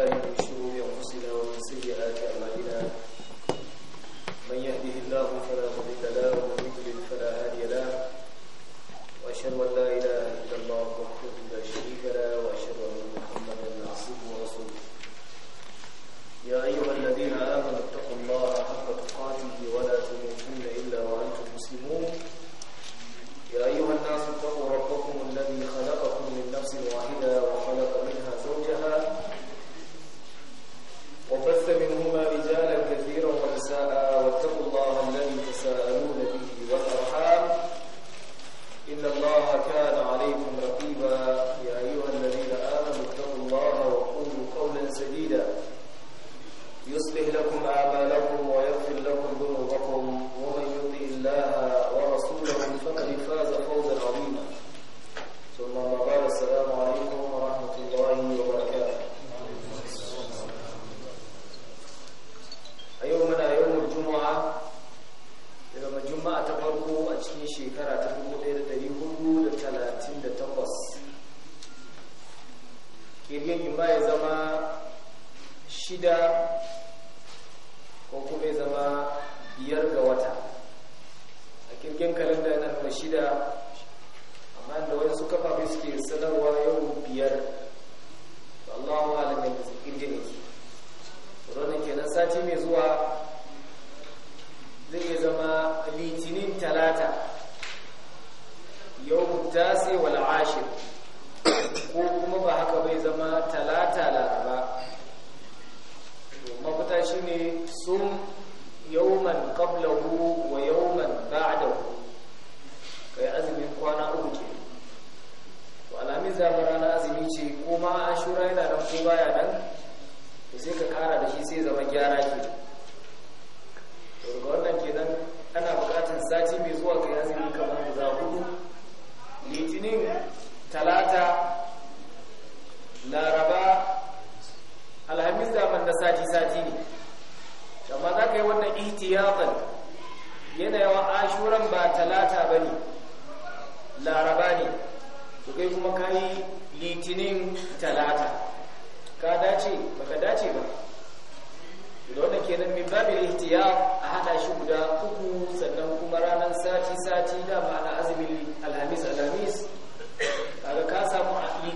الله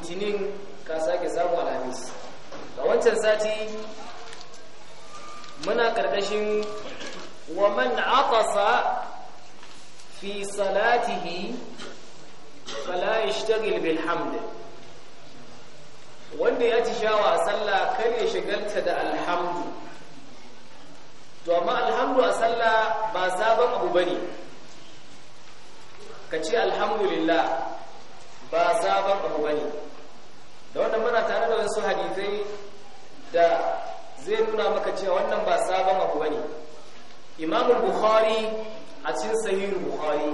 litinin ka sake samu alhamis a wancan sati muna ƙarƙashin wa man aqasa fi salatihi fala yashtagil bil wanda ya ci shawa sallah kar ya shigalta da alhamdu to amma alhamdu a sallah ba sabon abu ne ka ce alhamdulillah ba sabon abu ne. da wannan muna tare da wasu hadithai da zai nuna maka cewa wannan ba sabon abu bane Imam Bukhari a cikin Sahih Bukhari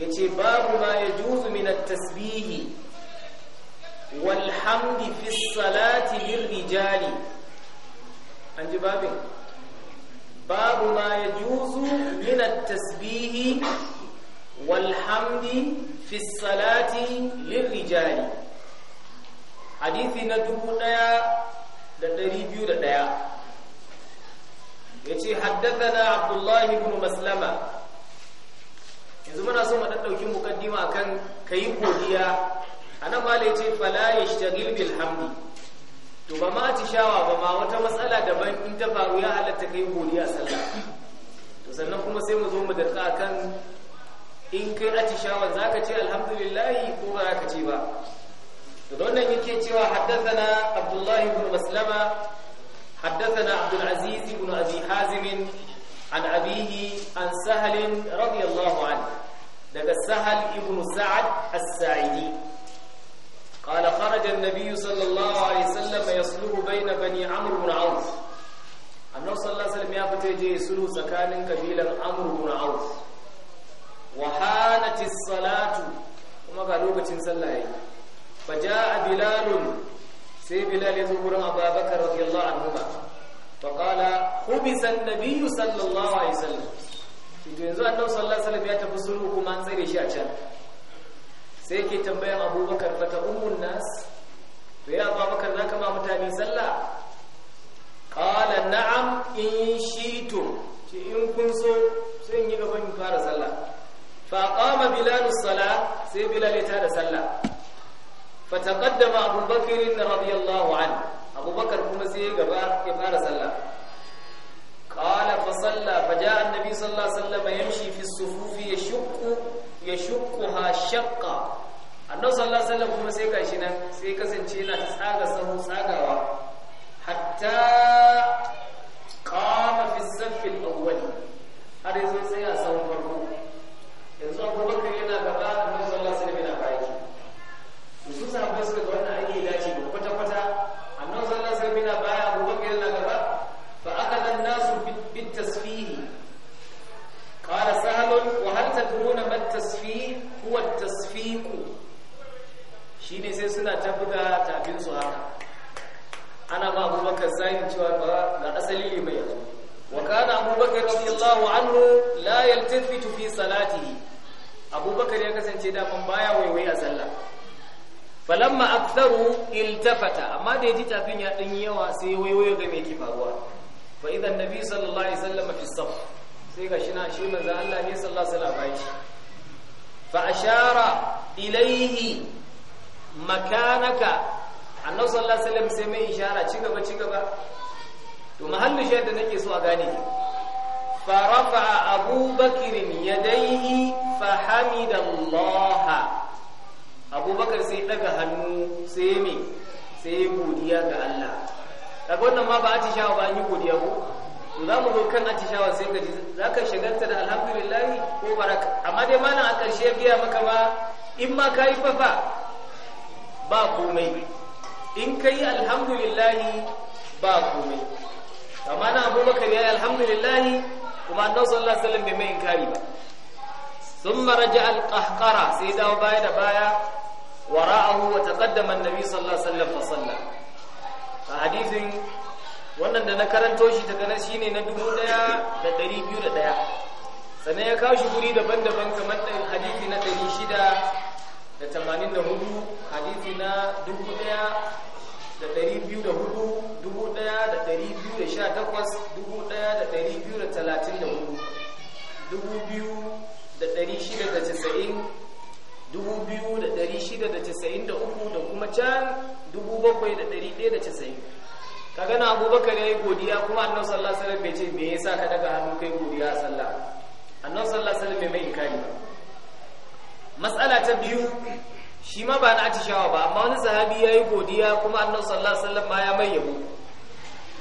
yace babu ma yajuzu min at-tasbih wal hamd fi as-salati lir-rijali an ji babin babu ma yajuzu min at-tasbih wal hamd fi as-salati lir-rijali hadisi na dubu ɗaya da ɗari biyu da ɗaya ya ce haddasa abdullahi ibn maslama yanzu muna so maɗaɗɗaukin mukaddima akan ka yi godiya a nan ma ce fala ya shagil bil hamdi to ba ma shawa ba ma wata matsala daban in ta faru ya halatta ka yi godiya sallah to sannan kuma sai mu zo mu daɗa kan in kai shawar, za ka ce alhamdulillahi ko ba za ka ce ba wannan yake cewa haddathana Abdullah ibn Maslama haddathana Abdul Aziz ibn Abi Hazim an abihi an Sahal radiyallahu anhu daga Sahal ibn Sa'ad as-Sa'idi قال خرج النبي صلى الله عليه وسلم يسلو بين بني عمرو بن عوف انه صلى الله عليه وسلم يفتي جي يسلو سكانين قبيله عمرو بن عوف وحانت الصلاه وما قال لوقتين صلاه يعني فجاء sai سي بلال يزور أبا بكر رضي الله عنهما فقال حبس النبي صلى Sallallahu عليه وسلم to yanzu annabi sallallahu alaihi wasallam ya tafi sun kuma an tsere shi a can sai ke tambayan abubakar fata ummun nas to ya abubakar zaka ma mutane sallah Kala na'am in shi'tum ce in kun so sai yi gaban fara sallah fa kama bilal as sai bilal ya tada sallah fataqaddama Abu Bakr radiyallahu anhu Abu Bakr kuma sai gaba ya fara sallah qala fa salla fa ja'a an-nabi sallallahu alaihi wasallam yamshi fi as-sufufi ya yashuqquha shaqqa Annabi sallallahu alaihi wasallam kuma sai kashi nan sai kasance yana tsaga sahu hatta abubakar zahiri cewa ba ga asali ne mai yanzu wa kana abubakar radiyallahu anhu la yaltafitu fi salatihi abubakar ya kasance da baya waiwai a sallah falamma aktharu iltafata amma da yaji tafin ya dan yawa sai waiwayo ga me ke faruwa fa idan nabi sallallahu alaihi wasallam fi saf sai ga shi na shi manzo Allah ne sallallahu alaihi wasallam fa ashara ilayhi makanaka annabi sallallahu alaihi wasallam sai mai ishara ci gaba ci gaba to mahallin shi da nake so a gane ki fa rafa'a bakr yadayhi fa abu abubakar sai daga hannu sai mai sai godiya ga Allah daga wannan ma ba shawa ba an yi godiya ko to za mu zo kan shawa sai ka ji za ka shagalta da alhamdulillah ko baraka amma dai malam a ƙarshe biya maka ba in ma ka yi fafa ba komai in ka yi alhamdulillahi ba komai amma na abubakar ya yi alhamdulillahi kuma annan sallallahu alaihi bai mai inkari ba sun maraja alƙahƙara sai dawo baya da baya wa ra'ahu wa taqaddama annabi sallallahu alaihi wa sallam a hadisin wannan da na karanto shi daga nan shine na 1201 sannan ya kawo shi guri daban-daban kamar da hadisi na 684 hadisi na dubu daya da dari biyu da hudu dubu daya da dari biyu da sha takwas dubu daya da dari biyu da talatin da hudu dubu biyu da dari shida da casa'in dubu biyu da dari shida da casa'in da uku da kuma can dubu bakwai da dari ɗaya da casa'in ka gana abubakar ya yi godiya kuma annan sallah sallah bai ce me ya sa ka daga hannu kai godiya a sallah annan sallah sallah bai mai kari matsala ta biyu shi ma ba na atishawa ba amma wani sahabi ya yi godiya kuma annabi sallallahu alaihi wasallam ma ya mai yabo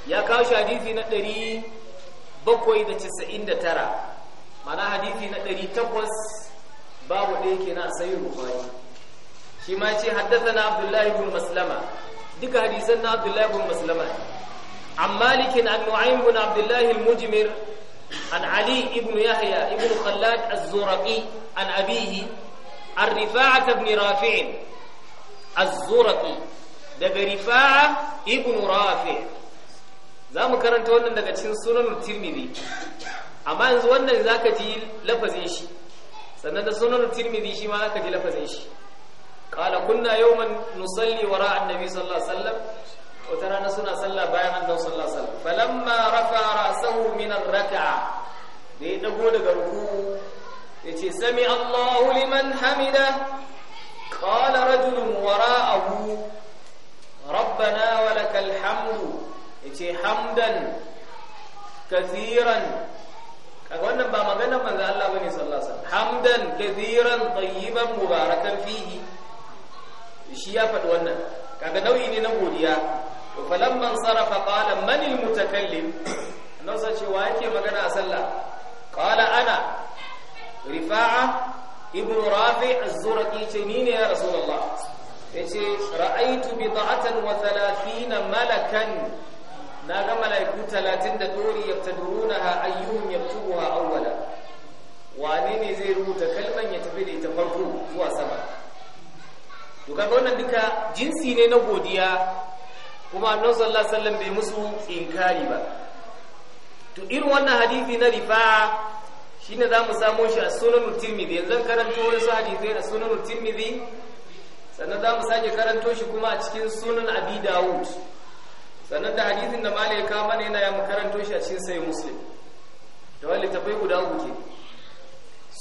ya kawo shi hadisi na 799 mana hadisi na 800 babu ɗaya kenan sai bukhari shi ma ce haddathana abdullahi ibn maslama duka hadisan na abdullahi ibn maslama عن An عن نعيم Abdullahi al الله an Ali علي Yahya, يحيى بن خلاد الزرقي an أبيه an rifa'a ibn rafi' az-zurqi daga rifa'a ibn rafi' zamu karanta wannan daga cikin sunan tirmidhi amma yanzu wannan zaka ji lafazin shi sannan da sunan tirmidhi shi ma zaka ji lafazin shi qala kunna yawman nusalli wara'a an-nabi sallallahu alaihi wasallam wata rana suna sallah bayan annabi sallallahu alaihi wasallam falamma rafa ra'sahu min ar-rak'a da ya dago daga ruku yace sami Allahu liman hamida qala rajulun wara'ahu rabbana walakal hamdu yace hamdan kathiran ba maganar manzo ne na godiya to falamman sarafa qala man yake rifa'a ibn rafi az-zurqi ce ni ya rasulullah yace ra'aitu bid'atan wa 30 malakan naga malaiku 30 da dori yabtadurunaha ayyuhum yaktubuha awwala Wani ne zai rubuta kalman ya tafi da ita farko zuwa sama to kaga wannan duka jinsi ne na godiya kuma annabi sallallahu alaihi wasallam bai musu inkari ba to irin wannan hadisi na rifa'a ne za mu samu shi a sunanul tirmidhi yanzu karanto wani su hadisi a sunanul tirmidhi sannan za mu sake karanto shi kuma a cikin sunan abi dawud sannan da hadithin da malai ka mana yana ya karanto shi a cikin sai muslim da wani tafai guda uku ke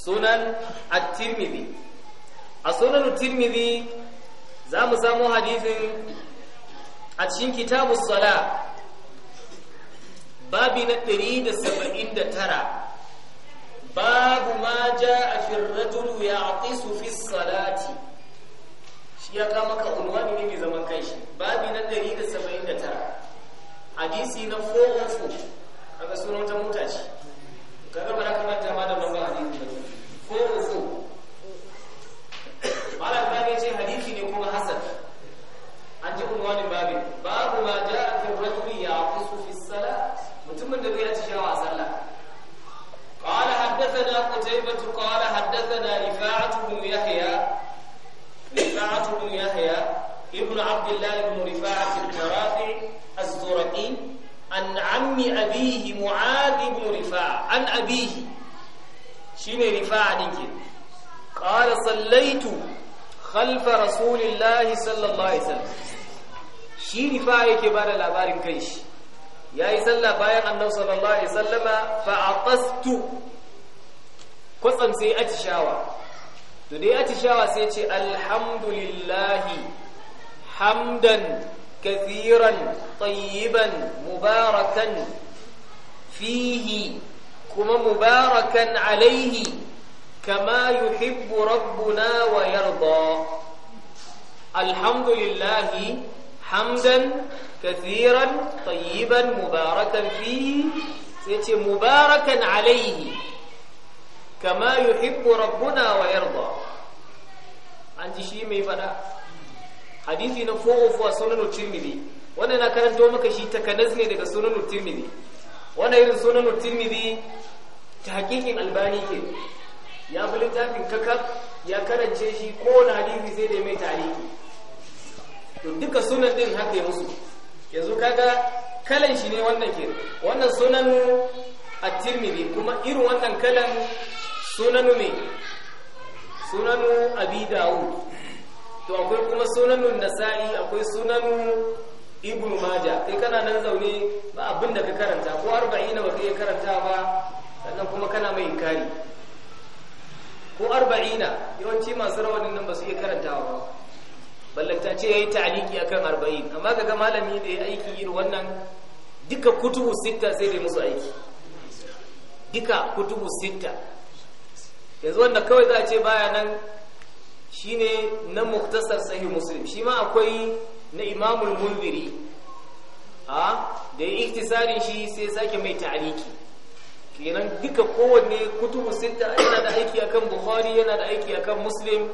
sunan at-tirmidhi a sunan tirmidhi za mu samu hadithin a cikin kitabus sala babi na 179 babu ma jaa fi ar-rajul ya'tisu fi salati shi ya kama ka unwani ne mai zaman shi babi na 179 hadisi na 404 kaga sunan ta mota ce kaga bara kamar ta ma da wannan hadisi da 404 malam bani ce hadisi ne kuma hasan an ji unwani babin babu ma jaa fi ar-rajul ya'tisu fi salati mutumin da bai ci shawa قتيبة قال حدثنا رفاعة بن يحيى رفاعة بن يحيى ابن عبد الله بن رفاعة الرافعي الزرقي عن عم أبيه معاذ بن رفاعة عن أبيه شين رفاعة نجي قال صليت خلف رسول الله صلى الله عليه وسلم shi rifa yake bada labarin kai shi yayi sallah bayan annabi sallallahu alaihi wasallama fa atastu kwatsam sai atishawa to dai atishawa sai ce alhamdulillahi hamdan kathiran tayyiban mubarakan fihi kuma mubarakan alaihi kama yuhibbu rabbuna wa yarda alhamdulillahi hamdan kathiran tayyiban mubarakan fihi sai ce mubarakan alaihi kama yuhibbu rabbuna wa yarda an ji shi mai fada hadisi na 404 sunan tirmidhi wannan na karanto maka shi takanaz ne daga sunan tirmidhi wannan irin sunan tirmidhi ta hakikin albani ke ya fi littafin kakaf ya karance shi ko na hadisi sai da mai tarihi to duka sunan din haka ya musu yanzu kaga kalan shi ne wannan ke wannan sunan at-tirmidhi kuma irin wannan kalan sunanu ne sunanu abi dawud to akwai kuma sunanun nasa'i akwai sunanu ibn maja kai kana nan zaune ba abin da ka karanta ko arba'ina ba kai karanta ba sannan kuma kana mai inkari ko arba'ina yawanci masu rawanin nan ba su iya karantawa ba ballanta ce yayi ta'liki akan arba'in amma kaga malami da ya aiki irin wannan duka kutubu sitta sai da musu aiki duka kutubu sitta yanzu wanda kawai za a ce baya nan ne na muktasar sahih muslim shi ma akwai na imamul mundiri a da ya ihtisarin shi sai sake mai tariki kenan duka kowanne kutubu sita yana da aiki akan bukhari yana da aiki akan muslim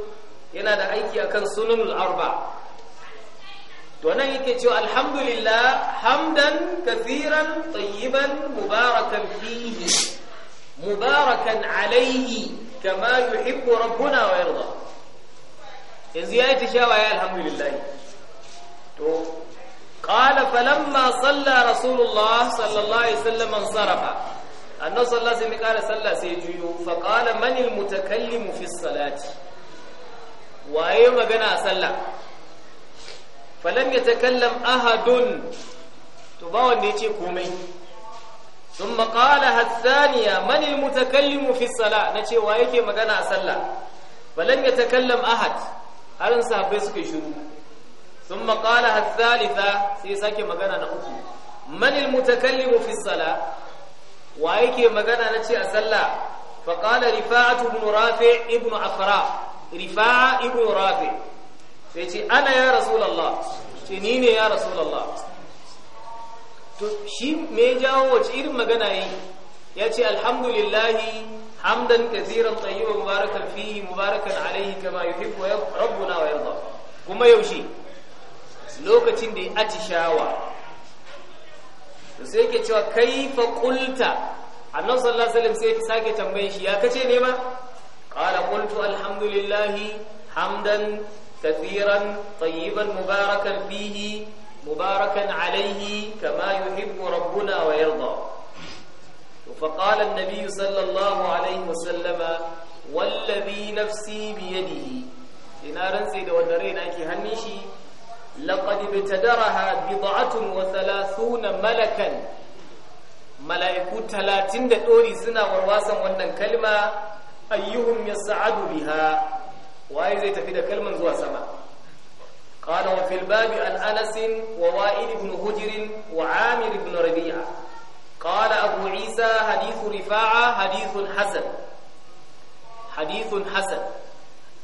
yana da aiki akan sunanul arba to nan yake cewa alhamdulillah hamdan kathiran tayyiban mubarakan fihi mubarakan alaihi kama yuhibbu rabbuna wa yarda yanzu yayi tishawa ya alhamdulillah to qala falamma salla rasulullah sallallahu alaihi wasallam ansarafa annabi sallallahu alaihi wasallam salla sai juyo fa qala man almutakallimu fi salati waye magana a sallah falam yatakallam ahadun to ba wanda yace komai sun maƙala hatsaniya manil mutakallimu fi sala na cewa yake magana a sallah balan ya takallam ahad harin sahabbai suka shiru sun maƙala hatsalitha sai sake magana na uku manil mutakallimu fi sala wa yake magana na ce a sallah faƙala rifa'atu ibn rafi ibn afra rifa'a ibn rafi sai ce ana ya rasulallah ce ni ne ya rasulallah to shi me jawo wace irin magana yi ya ce alhamdulillahi hamdan kathiran tayyiban mubarakan fihi mubarakan alaihi kama yuhibbu rabbuna wa yarda kuma yaushe lokacin da ya atishawa to sai yake cewa kaifa qulta annabi sallallahu alaihi wasallam sai sake tambaye shi ya kace ne ma qala qultu alhamdulillahi hamdan kathiran tayyiban mubarakan fihi مباركا عليه كما يحب ربنا ويرضى فقال النبي صلى الله عليه وسلم والذي نفسي بيده ina rantsi da wanda raina ke hannun shi laqad ibtadaraha bid'atun wa thalathuna malakan malaiku talatin da dori suna warwasan wannan kalma ayyuhum yas'adu biha waye zai tafi da kalman zuwa sama قال وفي الباب عن أنس ووائل بن هجر وعامر بن ربيعة قال أبو عيسى حديث رفاعة حديث حسن حديث حسن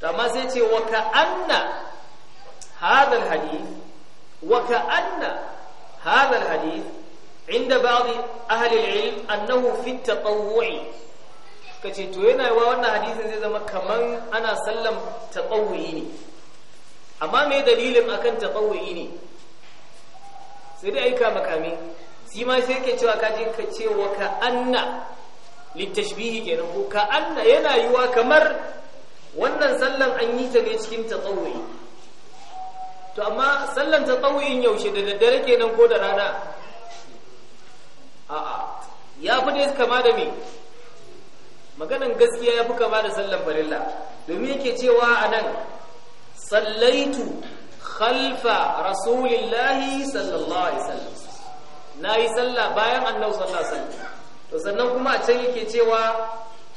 كما سيتي وكأن هذا الحديث وكأن هذا الحديث عند بعض أهل العلم أنه في التطوع كتي توينا وانا حديث زي زمان كمان أنا سلم تطوعيني amma mai dalilin akan taɓawai ne sai dai aika makami Si ma sai ke cewa kaji ka cewa ka anna littashbihi kenan ko ka anna yana yiwa kamar wannan sallan an yi ta ne cikin tatsawai to amma sallan tatsawain yaushe da daddare kenan ko da rana a'a ya fi dai kama da me maganan gaskiya ya fi kama da sallan farilla domin yake cewa a nan sallaitu khalfa rasulillahi sallallahu alaihi wasallam nayi sallah bayan annabi sallallahu alaihi wasallam to sannan kuma a can yake cewa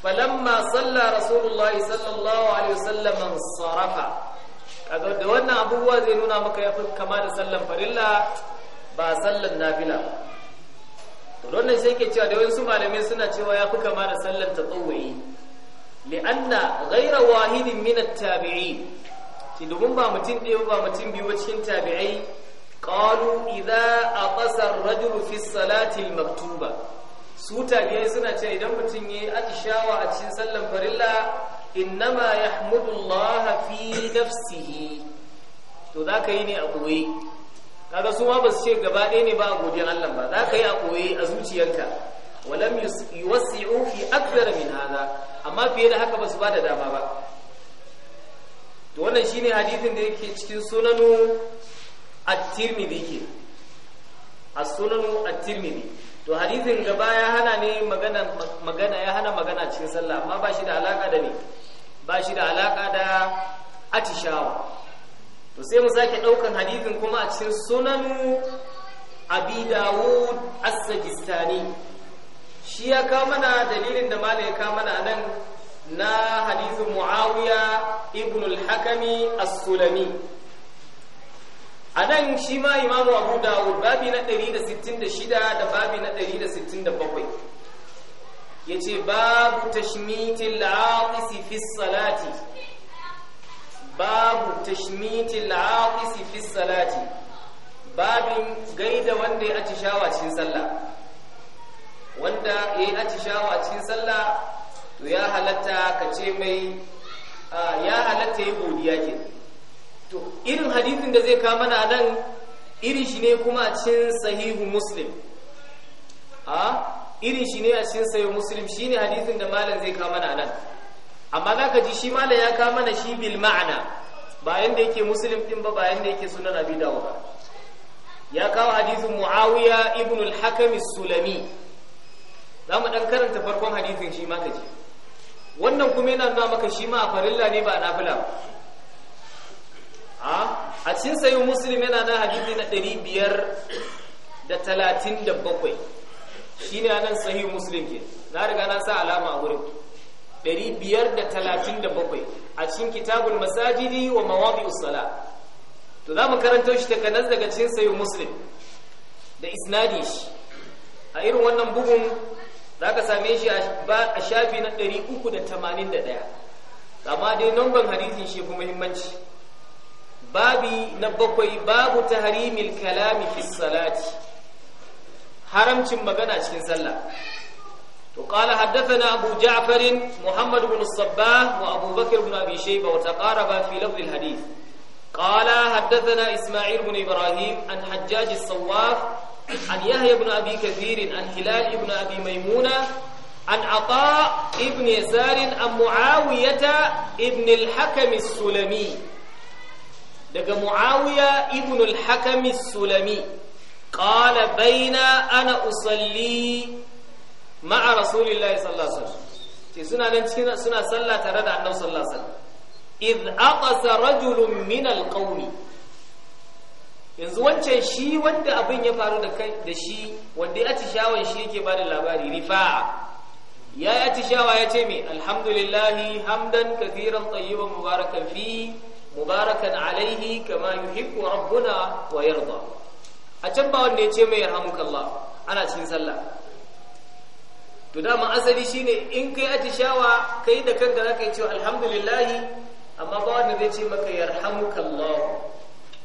falamma salla rasulullahi sallallahu alaihi wasallam sarafa kaga da wannan abubuwa zai nuna maka yafi kama da sallan farilla ba sallan nafila to wannan sai yake cewa da wasu malamai suna cewa yafi kama da sallan tatawwi li'anna ghayra wahidin min at-tabi'in shi domin ba mutum ɗaya ba mutum biyu ba cikin tabi'ai qalu idza aqasa ar-rajulu fi salati maktuba su tabi'ai suna cewa idan mutum yayi atishawa a cikin sallan farilla innama yahmudu Allah fi nafsihi to ka yi ne a koyi kaga su ma ba su ce gaba ɗaya ne ba a godiyar Allah ba ka yi a koyi a zuciyarka walam yuwasi'u fi akthar min hada amma fiye da haka ba su ba da dama ba to wannan shine hadithin da yake cikin sunanu at-tirmidhi ke as-sunanu at-tirmidhi to hadithin gaba ya hana ne magana magana ya hana magana cikin sallah amma ba shi da alaka da ne ba shi da alaka da atishawa to sai mu sake daukan hadithin kuma a cikin sunanu abi dawud as-sajistani shi ya kawo mana dalilin da malai ya kawo mana anan na hadithin muawiya ibn al-hakami as-sulami anan shi ma imamu abu dawud babi na 166 da babi na 167 yace babu tashmitil aqisi fi salati babu tashmitil aqisi fi salati babin gaida wanda ya atishawa cikin sallah wanda ya atishawa cikin sallah to ya halatta ka kace mai Ah, ya halatta yi godiya ke to irin hadithin da zai kama na nan irin shi ne kuma a cin sahihu muslim a ah, irin shi ne a cin sahihu muslim ne hadithin da malam zai kama na nan amma za ka ji shi malam ya kama na shi bil ma'ana bayan da yake muslim din ba bayan da yake sunan abi ba. ya kawo hadithin muawiya ibn al hakam as-sulami zamu dan karanta farkon hadithin shi ma kaji wannan kuma yana nuna maka shi ma a farilla ne ba a nafila ba ah, a cikin sayi musulmi yana na hadisi na bakwai. shi ne nan sayo musulmi ke na riga na sa alama a wurin biyar da da talatin bakwai. a cikin kitabul masajidi wa mawabi usala to za mu karanta shi takanas daga cin sayi musulmi da isnadi shi a irin wannan bugun za ka same shi a shafi na ɗari da da ɗaya. amma dai namban hadisin shi fi muhimmanci babi na bakwai babu ta harimil kalami fi salati haramcin magana cikin sallah to qala haddathana abu ja'far muhammad ibn sabbah wa abu bakr ibn abi shayba wa taqaraba fi lafz al hadith qala isma'il ibn ibrahim an hajjaj as-sawaf عن يحيى بن أبي كثير عن هلال بن أبي ميمونة عن عطاء ابن يسار عن معاوية ابن الحكم السلمي لقى معاوية ابن الحكم السلمي قال بين أنا أصلي مع رسول الله صلى الله عليه وسلم سنة سنة صلى ترد عنه صلى الله عليه وسلم إذ أقص رجل من القوم yanzu wancan shi wanda abin ya faru da shi wanda ya atishawan shi yake bada labari rifa'a ya yi atishawa ya ce mai alhamdulillahi hamdan kathiran tsayiban mubarakan fi mubarakan alaihi kama yuhibbu rabbuna wa yarda a can ba wanda ya ce mai yarhamukallah ana cikin sallah to dama asali shine in kai atishawa kai da kanka zaka yi cewa alhamdulillahi amma ba wanda zai ce maka yarhamukallah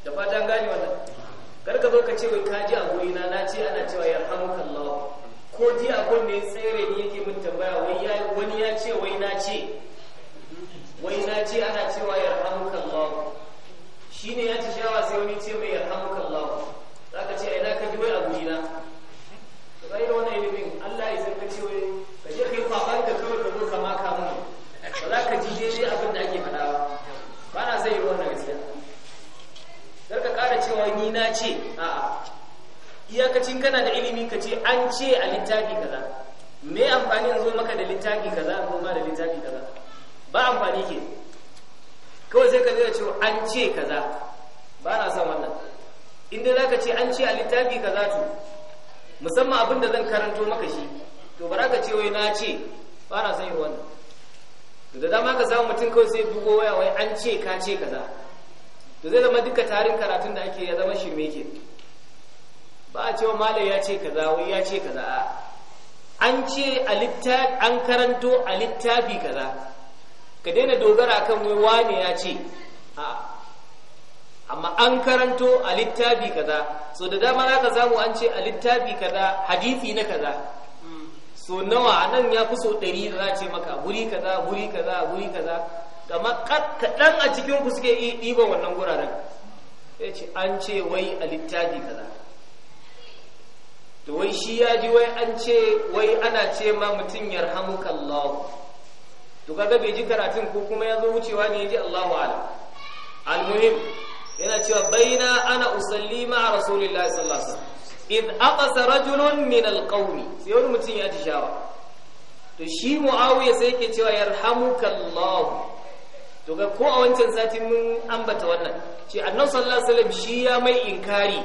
da fatan gani wannan kar ka zo ka ce wai ka ji a gurina na ce ana cewa ya hamuka Allah ko ji a kunne tsere ni yake min tambaya wai ya wani ya ce wai na ce wai na ce ana cewa ya hamuka Allah shine ya ci shawa sai wani ce mai cewa ni na ce a'a iyakacin kana da ilimi ka ce an ce a littafi kaza me amfani zo maka da littafi kaza ko ma da littafi kaza ba amfani ke kawai sai ka zai cewa an ce kaza ba na son wannan inda za ka ce an ce a littafi kaza to musamman abin da zan karanto maka shi to ba ka ce wai na ce ba na son yi wannan da dama ka samu mutum kawai sai bugo waya wai an ce ka ce kaza to zai zama duka tarin karatun da ake ya zama shi ke ba a cewa malam ya ce kaza wai ya ce kaza a an ce a an karanto a littafi kaza ka daina dogara kan wai wane ya ce a amma an karanto a littafi kaza so da dama za ka samu an ce a littafi kaza hadisi na kaza so nawa nan ya fi so ɗari da za a ce maka guri kaza guri kaza guri kaza kamar kaɗan a cikin ku suke ɗiban wannan guraren ya ce an ce wai a littafi kaza to wai shi ya ji wai an ce wai ana ce ma mutum ya rahamukallahu to kaga bai ji karatun ko kuma ya zo wucewa ne ya ji Allahu ala almuhim yana cewa baina ana usalli ma rasulullahi sallallahu alaihi wasallam id aqasa rajulun min alqawmi sai wani mutum ya tishawa to shi muawiya sai yake cewa yarhamukallahu to ga ko a wancan sati mun ambata wannan shi annabi sallallahu alaihi wasallam shi ya mai inkari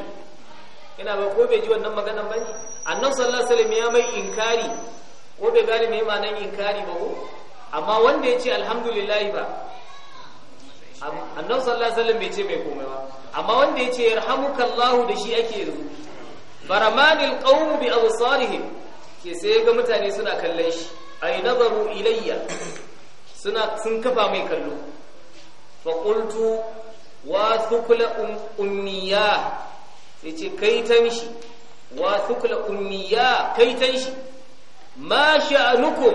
ina ba ko bai ji wannan maganan bane annabi sallallahu alaihi wasallam ya mai inkari ko bai gane me ma'anar inkari ba ko amma wanda ya ce alhamdulillah ba annan sallallahu alaihi bai ce mai komai ba amma wanda ya ce yarhamukallahu da shi ake yanzu baramanil qawm bi absarihim ke sai ga mutane suna kallon shi ay nazaru ilayya suna sun kafa mai kallo fa wa sukula um-, ummiya ya ce kai tan shi wa thukla ummiya kai tan shi ma sha'anukum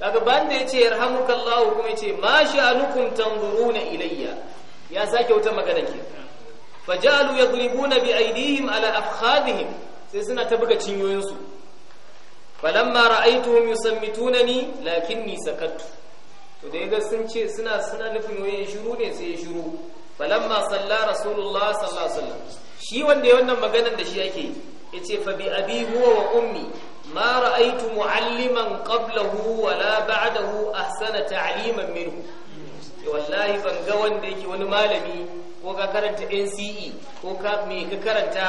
kaga banda yace yarhamukallahu kuma yace ma sha'anukum tanzuruna ilayya ya sake wata magana ke fajalu yadribuna bi aydihim ala afkhadihim sai suna ta buga cinyoyinsu falamma ra'aytuhum yusammitunani lakinni sakattu to da yaga sun ce suna suna nufin wani shiru ne sai ya shiru falamma salla rasulullah sallallahu alaihi wasallam shi wanda ya wannan maganar da shi yake yace fa bi abi huwa wa ummi ma ra'aytu mu'alliman qablahu wa la ba'dahu ahsana ta'liman minhu wallahi ban ga wanda yake wani malami ko ka karanta NCE ko ka me ka karanta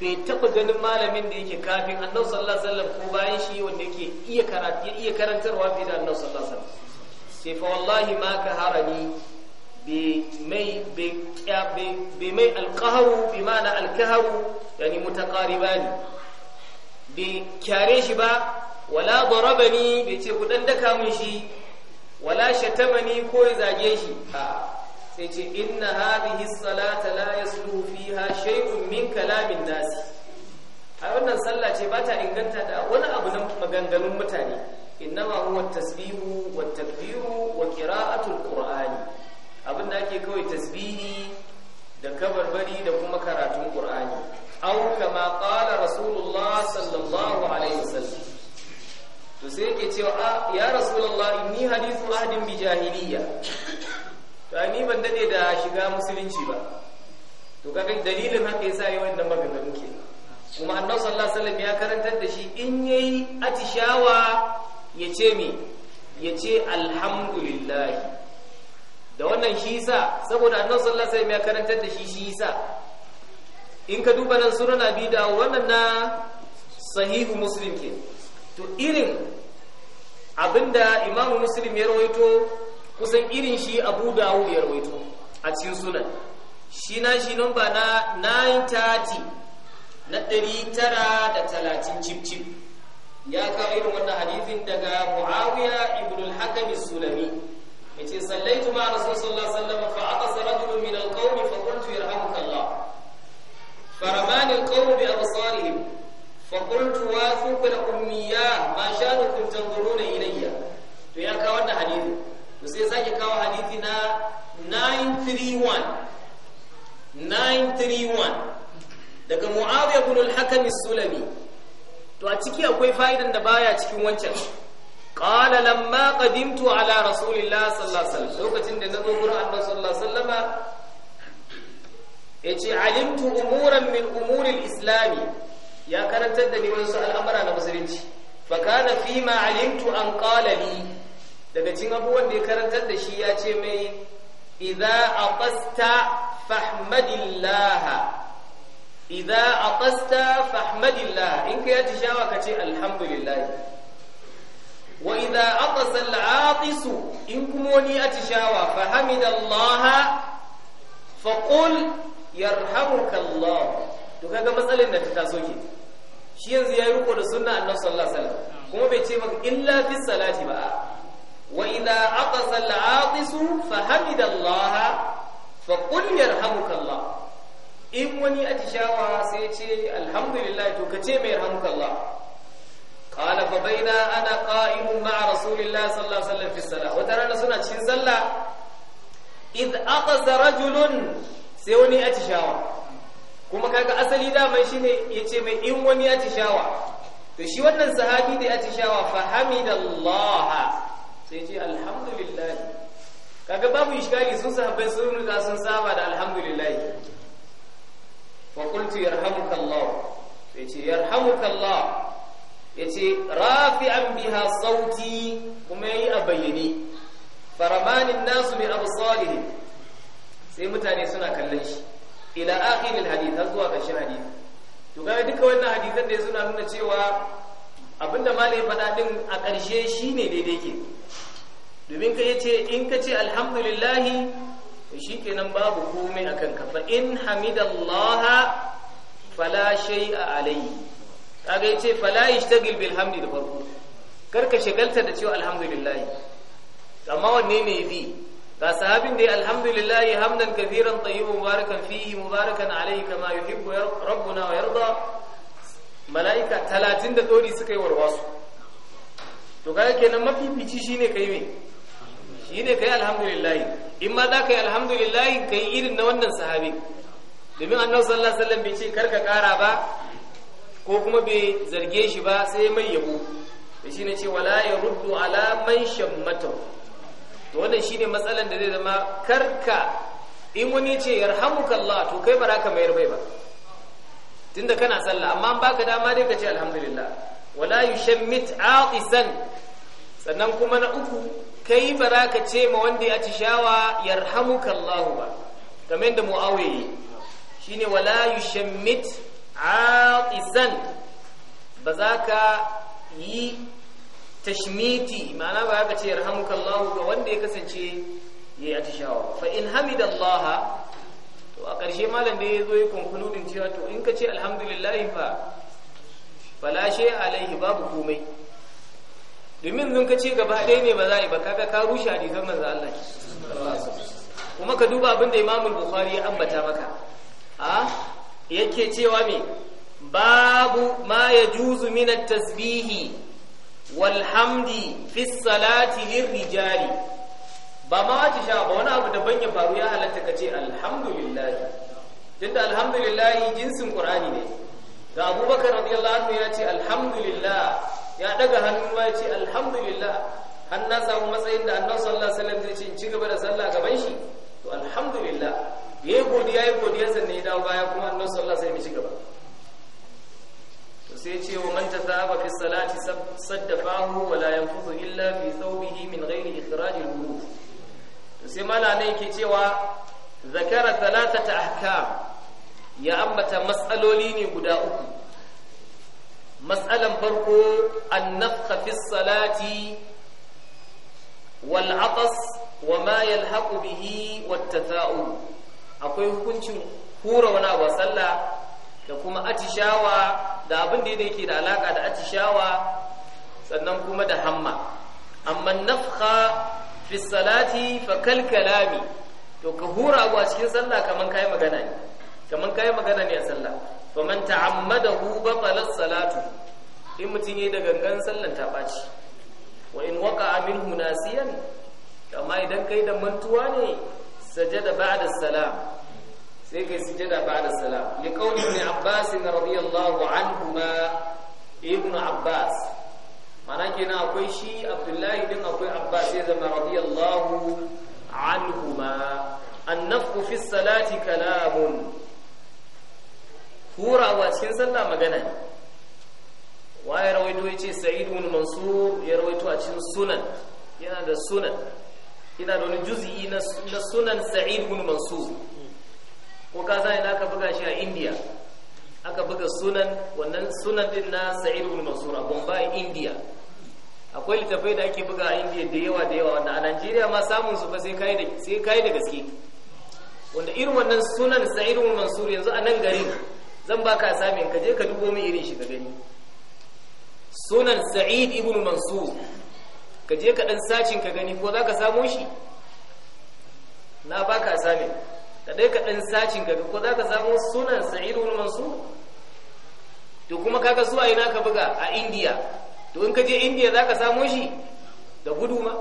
bai taba ganin malamin da yake kafin annabi sallallahu alaihi wasallam ko bayan shi wanda yake iya karatu iya karantarwa fi da annabi sallallahu alaihi wasallam sai fa wallahi ma ka harani bi mai bi bi mai alqahru bi ma'ana alkahru yani mutaqaribani bi kyare shi ba wala darabani bai ce ku dan daka mun shi wala shatamani ko zage shi a'a sai ce inna hadhihi salata la yasluhu fiha shay'un min kalamin nasi a wannan sallah ce ba ta inganta da wani abu na maganganun mutane inna ma huwa tasbihu wa takbiru wa qira'atu alqur'ani abin da ake kawai tasbihi da kabarbari da kuma karatun qur'ani aw kama qala rasulullah sallallahu alaihi wasallam to sai yake cewa ya rasulullah inni hadithu ahdin bi jahiliyya to ni ban dade da shiga musulunci ba to kaga dalilin haka yasa yi wannan maganganu ke kuma annabi sallallahu alaihi wasallam ya karantar da shi in yayi atishawa ya ce me ya ce alhamdulillah da wannan shi yasa saboda annabi sallallahu alaihi wasallam ya karantar da shi shi yasa in ka duba nan sura abi da wannan na sahihu muslim ke to irin abinda imamu muslim ya rawaito kusan irin shi abu dawo ya rawaito a cikin sunan shi na shi numba na 930 na 930 cip cip ya kawo irin wannan hadithin daga muawiya ibn al-hakam sulami yace sallaitu ma rasul sallallahu alaihi wasallam fa aqasa rajulun min al-qawm fa qultu yarhamuka Allah faramani al-qawm bi absarihim fa qultu wa fuqa al-ummiya ma sha'anukum to ya kawo wannan hadithin to sai sake kawo hadisi na 931 931 daga mu'adiyar ibn al-hakam sulami to a ciki akwai fa'idan da baya cikin wancan qala lamma qadimtu ala rasulillah sallallahu alaihi wasallam lokacin da nazo gurin annabi sallallahu alaihi wasallam yace alimtu umuran min umuri al-islam ya karantar da ni wasu al'amara na musulunci fa kana fima ma alimtu an qala li daga cikin abubuwan da ya karantar da shi ya ce mai idza aqasta fahmadillah idza aqasta fahmadillah in ka yaji shawa ka ce alhamdulillah wa idza aqasa al'atis in kuma wani atishawa fahamidallaha faqul yarhamuka Allah to kaga matsalin da ta taso ke shi yanzu yayi riko da sunna annabi sallallahu alaihi wasallam kuma bai ce maka illa fi salati ba وإذا عطس العاطس فحمد الله فقل يرحمك الله in wani a sai ce alhamdulillah to kace mai rahmukallah qala fa baina ana qa'imu ma'a rasulillahi sallallahu fi salla wa tarana suna cikin salla id aqaza rajulun sai wani a tishawa kuma kaga asali da mai shine yace mai in wani a to shi wannan sahabi da ya tishawa fa hamidallaha sai ce kaga babu ishkali sun sahabbai sun riga sun saba da alhamdulillah fa qultu yarhamukallah sai ce yarhamukallah yace rafi'an biha sauti kuma yi a bayyane Faramani nasu bi absarihim sai mutane suna kallon shi ila akhiril hadith har zuwa ƙarshen hadisi to kaga duka wannan hadisan da suna nuna cewa abinda malai faɗa din a ƙarshe ne daidai ke domin ka ce in ka ce alhamdulillahi shikenan babu komai akan ka fa in hamidallaha fala shay'a alayhi kaga yace fala yashtagil bil hamdi da farko karka shagalta da cewa alhamdulillahi amma wanne ne bi ga sahabin da alhamdulillahi hamdan kathiran tayyiban mubarakan fihi mubarakan alayhi kama yuhibbu rabbuna wa yarda mala'ika talatin da ɗori suka yi warwasu to yake kenan mafifici ne kai me Shi ne kai alhamdulillah in ma za ka yi alhamdulillah kai irin na wannan sahabi domin annabi sallallahu alaihi wasallam bai ce karka kara ba ko kuma bai zarge shi ba sai mai yabo da shi ne ce wala ruddu ala man shammata to wannan shine matsalan da zai zama karka in wani ce yarhamukallah to kai baraka mayar bai ba tunda kana sallah amma an baka dama dai ka ce alhamdulillah wala yushammit aqisan sannan kuma na uku kai ba ce ma wanda ya tishawa yarhamukallahu ba kamar da muawiya shine wala yushammit aqisan ba za ka yi tashmiti ma'ana ba ka ce yarhamukallahu ba wanda ya kasance yayi atishawa fa in hamidallaha a ƙarshe malam da ya zo ya konkludin cewa to in ka ce alhamdulillah fa falashe alaihi babu komai domin zun ka ce gaba ɗaya ne ba za a yi ba kaga ka rushe a hadisan manzo Allah kuma ka duba abin da imamul Bukhari ya ambata maka a yake cewa me babu ma yajuzu min at walhamdi wal hamdi fi salati lirrijali ba ma wace sha ba wani abu daban ya faru ya halatta ka ce alhamdulillahi tunda alhamdulillahi jinsin ƙur'ani ne da abubakar radiyallahu anhu ya ce alhamdulillah ya daga hannu ma ya ce alhamdulillah har na samu matsayin da annabi sallallahu alaihi wasallam zai ce ci gaba da sallah gaban shi to alhamdulillah yayi godiya yayi godiya sannan ya dawo baya kuma annabi sallallahu alaihi wasallam ya ci gaba sai ce wa man tazaba fi salati saddafahu wa la yanfuzu illa fi thawbihi min ghairi ikhraj al sai malamai ke cewa zakara ta ahkam ya ambata matsaloli ne guda uku matsalan farko annafkha fi salati wal atas wa ma yalhaqu bihi wat tatha'u akwai hukuncin hura wani abu sallah da kuma atishawa da abin da yake da alaka da atishawa sannan kuma da hamma amma nafkha Fissalati salati fa kalami to ka hura abu a cikin sallah kaman kai magana ne magana ne a sallah fa man ta'ammadahu salatu in mutum yayi da gangan sallan ta baci wa in waqa'a minhu nasiyan amma idan kai da mantuwa ne sajada ba'da salam sai kai sujada ba'da salam li qawli ibn abbas radiyallahu anhuma ibn abbas mana kenan akwai shi abdullahi din akwai abbas ya zama radiyallahu anhuma annafu fi salati kalamun hurawa cikin sallah magana ne wa ya rawaito ya ce sa'id ibn mansur ya rawaito a cikin sunan yana da sunan yana da wani juz'i na sunan sa'id ibn mansur ko ka sai da aka buga shi a India aka buga sunan wannan sunan din na sa'id ibn mansur a Bombay India akwai littafai da ake buga a indiya da yawa da yawa wanda a najeriya ma samun su fa sai kayi da gaske wanda irin wannan sunan sa'irun mansur yanzu a nan gari zan baka samin ka je ka dubo min irin shi ka gani sunan sa'id ibn mansur ka je ka dan sacin ka gani ko zaka samu shi na baka samin ka dai ka dan sacin ka ko zaka samu sunan sa'id ibn mansur to kuma kaga zuwa ina ka buga a indiya to in ka je indiya za ka samo shi da gudu ma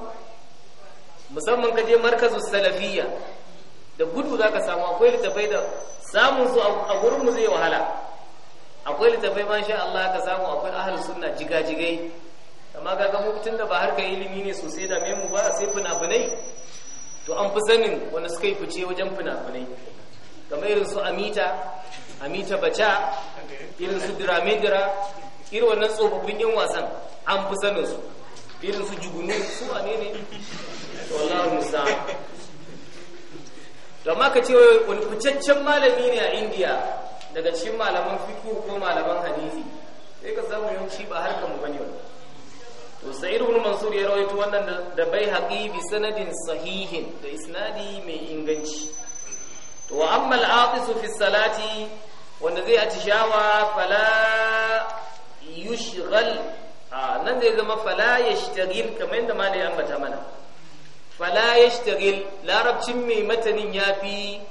musamman ka je markazu salafiya da gudu za ka samu akwai littafai da samun su a gurinmu zai wahala akwai littafai ma sha Allah ka samu akwai ahal sunna jigajigai amma ga ga mutun da ba harka ilimi ne sosai da mu ba sai fina-finai to an fi sanin wani suka yi fice wajen fina-finai kamar irin su amita amita bacha irin su diramidira irin wannan tsofaffin yan wasan an fi sanin su irin su jugunu su a ne wallahu musa da maka ce wani kucaccen malami ne a indiya daga cikin malaman fiku ko malaman hadisi sai ka samu yawanci ba harkar mu bane wannan to sa'id ibn mansur ya rawaito wannan da bai haƙi bi sanadin sahihin da isnadi mai inganci to wa amma al-aqisu fi salati wanda zai atishawa fala yushghal nan zai zama fala yashtagil kamar yadda malai ambata mana fala yashtagil larabcin mai matanin fi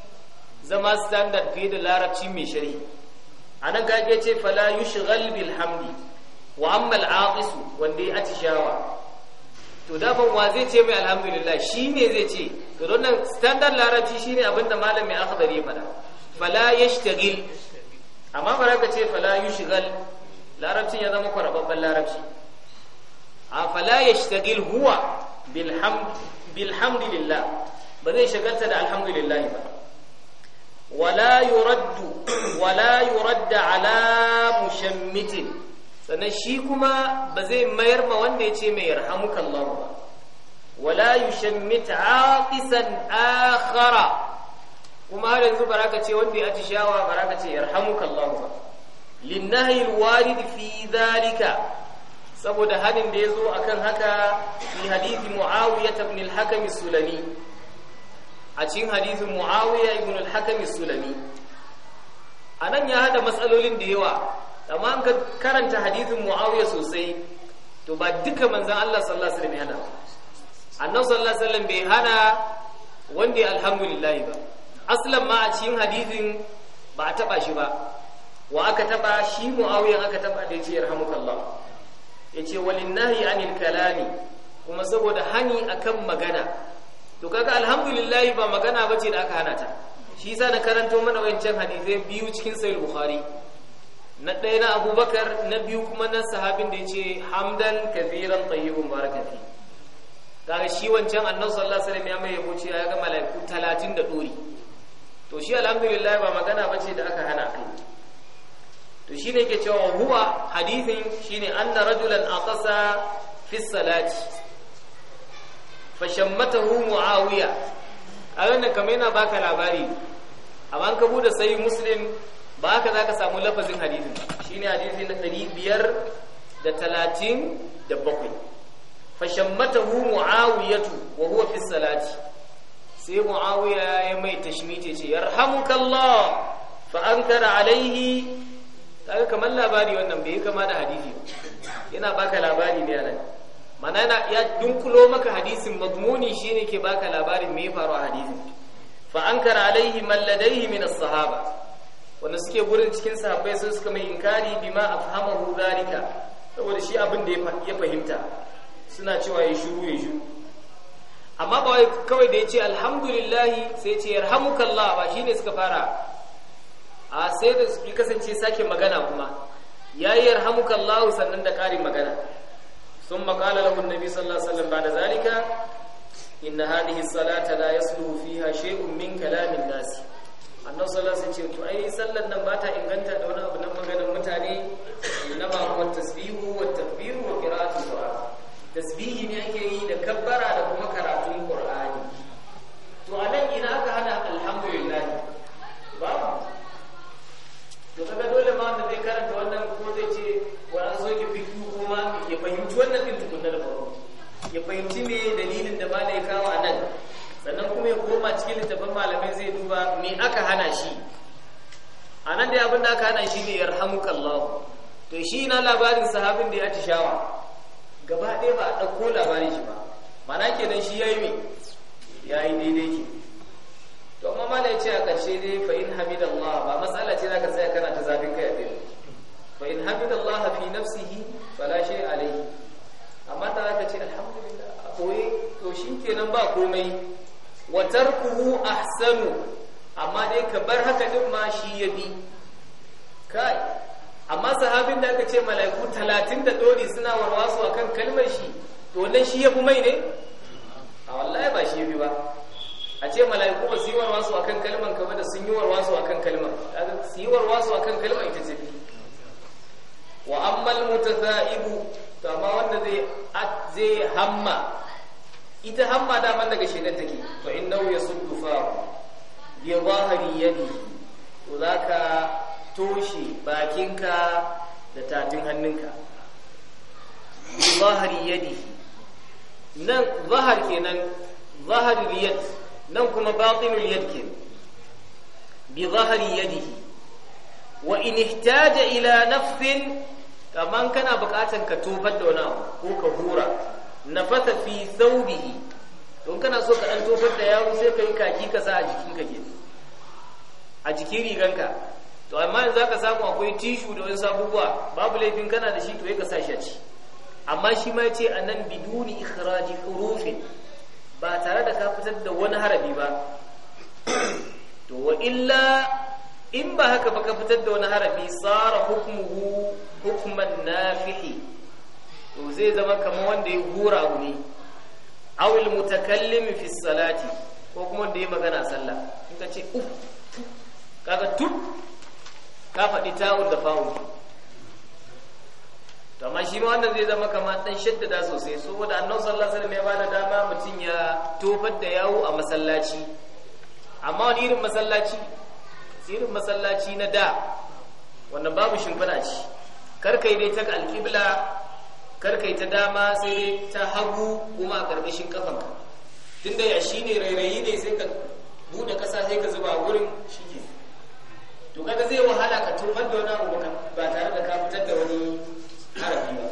zama standard fiye da larabcin mai A nan ga ce fala yushghal bil hamdi wa amma aqisu wanda ya atishawa to dafan wa zai ce mai alhamdulillah shi ne zai ce to don nan standard larabci shi ne abinda malam mai akhdari fada fala yashtagil amma ba ka ce fala yushgal larabcin ya zama kwarababban larabci a fala yashtagil huwa bilhamdulillah ba zai shagalta da alhamdulillah ba wala yuraddu wala yuradda ala mushammitin sannan shi kuma ba zai mayar ma wanda ya ce mai yarhamuka Allah ba wala yushammit aqisan akhara kuma har yanzu baraka ce wanda ya atishawa baraka ce yarhamuka Allah ba linnahi alwarid fi dhalika saboda hadin da a kan haka fi hadisi muawiyah ibn al-hakim sulami a cikin hadisin muawiyah ibn al-hakim A anan ya hada matsalolin da yawa amma an karanta hadithin muawiya sosai to ba duka manzan Allah sallallahu alaihi wasallam ya hana annabi sallallahu alaihi wasallam bai hana wanda ya alhamdulillah ba aslan ma a cikin hadithin ba a taba shi ba wa aka taba shi muawiya aka taba da yace yarhamukallah yace walinnahi anil kalami kuma saboda hani akan magana to kaga alhamdulillah ba magana bace da aka hana ta shi yasa na karanto mana wancan hadisai biyu cikin sahih bukhari na ɗaya na abubakar na biyu kuma na sahabin da ya ce hamdan kafiran tsayyibin barakati daga shi wancan annan sallah alaihi ya mai yabo ya gama malaiku talatin da ɗori to shi alhamdulillah ba magana ba ce da aka hana kai to shi ne ke cewa huwa hadithin shine anna rajulan aqasa fi salati hu muawiya a wannan kamar yana baka labari amma an ka bude sai muslim ba ka za ka samu lafazin hadisin shi ne hadisi na ɗari biyar da talatin da bakwai fashammatahu mu'awiyatu wa huwa fi salati sai mu'awiya ya mai tashmite ce yarhamukallah fa ankara alaihi kaga kamar labari wannan bai kama da hadisi yana baka labari ne anan mana ya dunkulo maka hadisin mazmuni shine ke baka labarin me ya faru a hadisin fa ankara alaihi man ladaihi min as-sahaba wanda suke gurin cikin sahabbai sun suka mai inkari ma afhamahu zalika saboda shi abin da ya fahimta suna cewa ya shuru ya shuru amma ba wai kawai da ya ce alhamdulillah sai yace yarhamukallah ba shine suka fara a sai da su kasance sake magana kuma Ya yayi yarhamukallah sannan da ƙarin magana Sun makala lahun nabi sallallahu الله عليه وسلم بعد ذلك annan sallah sai ce to ai sallar nan ba ta inganta da wani abu nan maganin mutane na bakon tasbihu wa takbiru wa qira'atul qur'an tasbihi ne ake yi da kabbara da kuma karatun qur'ani to anan ina aka hana alhamdulillah ba to kaga dole ma wanda zai karanta wannan ko zai ce wa an so ki fitu kuma ya fahimci wannan din tukunna da farko ya fahimci me dalilin da ba da ya kawo anan sannan kuma ya koma cikin littafin malamai zai duba me aka hana shi a nan dai abin da aka hana shi ne ya rahamukallahu to shi na labarin sahabin da ya ci shawa gaba ɗaya ba a ɗauko labarin shi ba mana kenan shi ya yi me ya yi daidai ke to amma mana ya ce a ƙarshe dai hamid Allah ba matsala ce za ka tsaya kana ta zafin kai a filin hamid Allah fi nafsihi fala shi alaihi amma ta zaka ce alhamdulillah a koye to shi kenan ba komai wa tarkuhu ahsanu amma dai ka bar haka din ma shi ya bi kai amma sahabin da aka ce mala'iku talatin da ɗori suna warwasu akan kalmar shi to wannan shi ya fi mai ne a wallahi ba shi ya fi ba a ce mala'iku ba su yi warwasu akan kalmar kama da sun yi warwasu a kan kalmar su yi warwasu akan kan kalmar ita ce wa ammal mutatha'ibu to amma wanda zai zai hamma ita hamma daman daga shedan take to innahu yasuddu fa'u bi zahiri yadi to zaka toshe bakinka da tatin hannunka bi zahiri yadi nan zahar kenan zahirul yad nan kuma batinul yad kenan bi zahiri yadihi wa in ihtaja ila nafsin kaman kana bukatan ka tofar da wani abu ko ka hura nafasa fi thawbihi don kana so ka ɗan tofar da yaro sai ka yi kaki ka sa a jikin ka ke a jikin riganka to amma yanzu za ka samu akwai tishu da wani sabubuwa babu laifin kana da shi to ya ka sa shi a ci amma shi ma ce a nan biduni ikhraji hurufin ba tare da ka fitar da wani harabi ba to wa illa in ba haka ba ka fitar da wani harabi tsara hukmuhu na nafihi to zai zama kamar wanda ya hura abu ne awil mutakallim fi salati ko kuma da ya magana sallah in ka ce uf kaga tub ka faɗi ta'ul da fa'un to amma shi ma wannan zai zama kamar dan shaddada sosai saboda annabi sallallahu alaihi wasallam ya bada dama mutum ya tofar da yawo a masallaci amma wani irin masallaci irin masallaci na da wannan babu shimfiɗa ce kar dai ta alƙibla karka ta dama sai dai ta hagu kuma a ƙarƙashin kafanka tun da yashi ne rairayi ne sai ka buɗe ƙasa sai ka zuba wurin shi ke to kaga zai wahala ka turmar da wani abu ba tare da ka fitar da wani harafi ba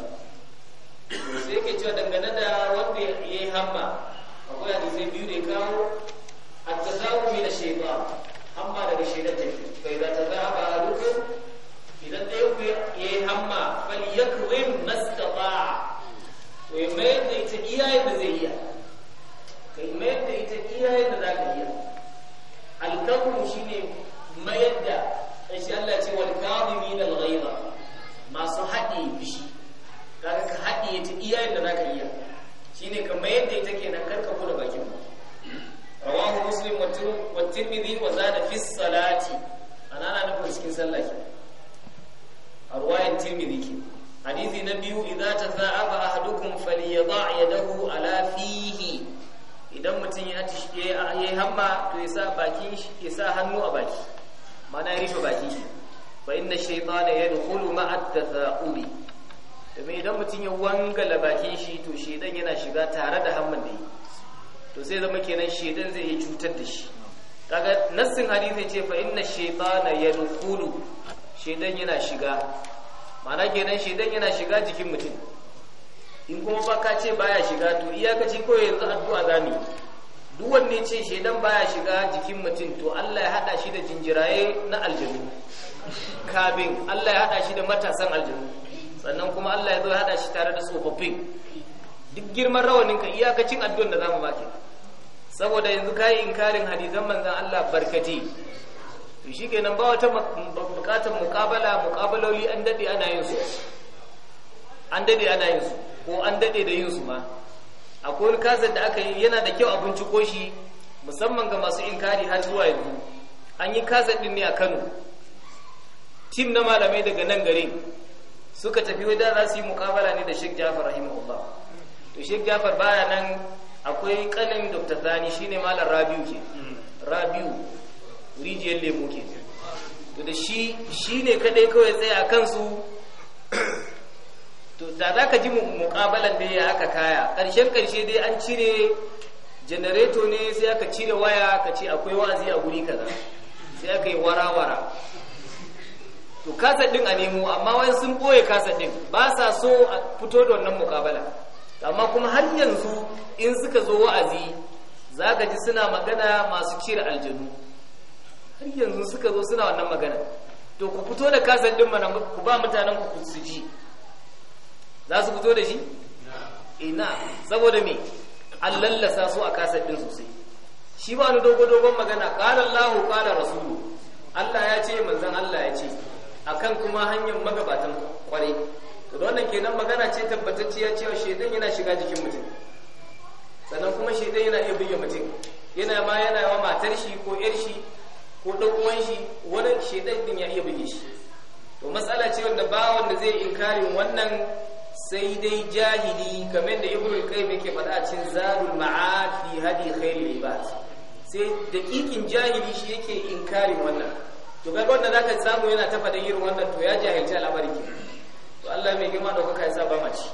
sai ke cewa dangane da wanda ya yi hamma akwai zai biyu da ya kawo za ku yi da shaytan hamma daga ta za a ba a ahadukum idan ɗaya ku yi hamma ya kuma iya yadda zai iya kai mayar da ita iya yadda za ka iya alkabru shi ne mayar da shi Allah ce wal kadhimin al ghaiza masu haɗe fishi kaga ka haɗe ita iya da za ka iya shi ne ka mayar da ita ke kenan karka bude bakin rawahu muslim wa tirmidhi wa zada fi salati ana ana cikin sallah ke a ruwayan tirmidhi kenan hadisi na biyu idza taza'aba ahadukum falyadha' yadahu ala fihi idan mutum ya tishke yayi hamma to ya sa bakin shi ya sa hannu a baki mana ya rufe baki shi fa inna shaytana yadkhulu ma'a at to me idan mutum ya wangala bakin shi to shedan yana shiga tare da hamman da yi to sai zama kenan shedan zai yi cutar da shi kaga nassin hadisi ce fa inna shaytana yadkhulu shedan yana shiga mana kenan shaidan yana shiga jikin mutum in kuma ba ka ce baya shiga to iyakaci ko yanzu addu'a za zamu duk wanne ce shaidan baya shiga jikin mutum to Allah ya hada shi da jinjiraye na aljanu kabin Allah ya hada shi da matasan aljanu sannan kuma Allah ya zo ya hada shi tare da tsofaffin duk girman rawanin ka iyakacin addu'an da zamu baki saboda yanzu kai inkarin hadisan manzon Allah barkati to shi nan ba wata bukatar mukabala mukabaloli an dade ana yin su an dade ana yin su ko an dade da yin su ma akwai wani kasar da aka yi yana da kyau a binciko shi musamman ga masu inkari har zuwa yanzu an yi kasar din ne a kano tim na malamai daga nan gari suka tafi wajen za su yi mukabala ne da sheikh jafar rahimahullah to sheikh jafar baya nan akwai kanin dr zani shine malam rabiu ke mm. rabiu rijiyar lemu ke to da shi shi ne kadai kawai tsaye a kansu to da za ka ji muƙabalan da ya aka kaya ƙarshen ƙarshe dai an cire janareto ne sai aka cire waya ka ce akwai wa'azi a guri kaza sai aka yi wara to kasa ɗin a nemo amma wani sun ɓoye kasa ɗin ba sa so a fito da wannan mukabala amma kuma har yanzu in suka zo wa'azi za ka ji suna magana masu cire aljanu har yanzu suka zo suna wannan magana to ku fito da kasar din mana ku ba mutanen ku su ji za su fito da shi ina saboda me an lallasa su a kasar din sosai shi ba ni dogo dogon magana qala Allahu qala rasulu Allah ya ce manzan Allah ya ce akan kuma hanyar magabatan kwarai to da wannan kenan magana ce tabbatacciya cewa shaidan yana shiga jikin mutum sannan kuma shaidan yana iya buge mutum yana ma yana wa matar shi ko yar shi ko dan uwan shi wani shedan din ya iya buge shi to matsala ce wanda ba wanda zai inkarin wannan sai dai jahili kamar da ibnu qayyim yake faɗa a cikin zadul ma'ad fi hadi khairil ibad sai daƙiƙin jahili shi yake inkarin wannan to kai wanda zaka samu yana ta faɗa irin wannan to ya jahilci al'amari ke to Allah mai girma ɗaukaka ya sa ba mace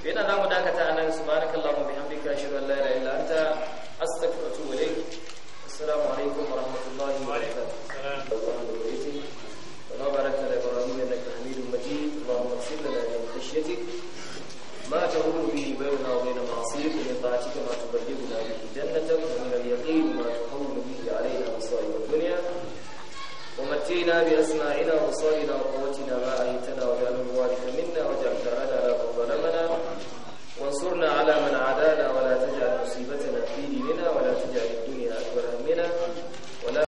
to yana zamu dakata anan subhanakallahumma bihamdika ashhadu an la ilaha illa anta astaghfiruka wa atubu ilaik assalamu alaikum wa ما تقول به بيننا وبين معصيك من طاعتك ما تبلغنا به جنتك ومن اليقين ما تهون به علينا مصائب الدنيا ومتينا بأسماعنا وصائنا وقوتنا ما أهيتنا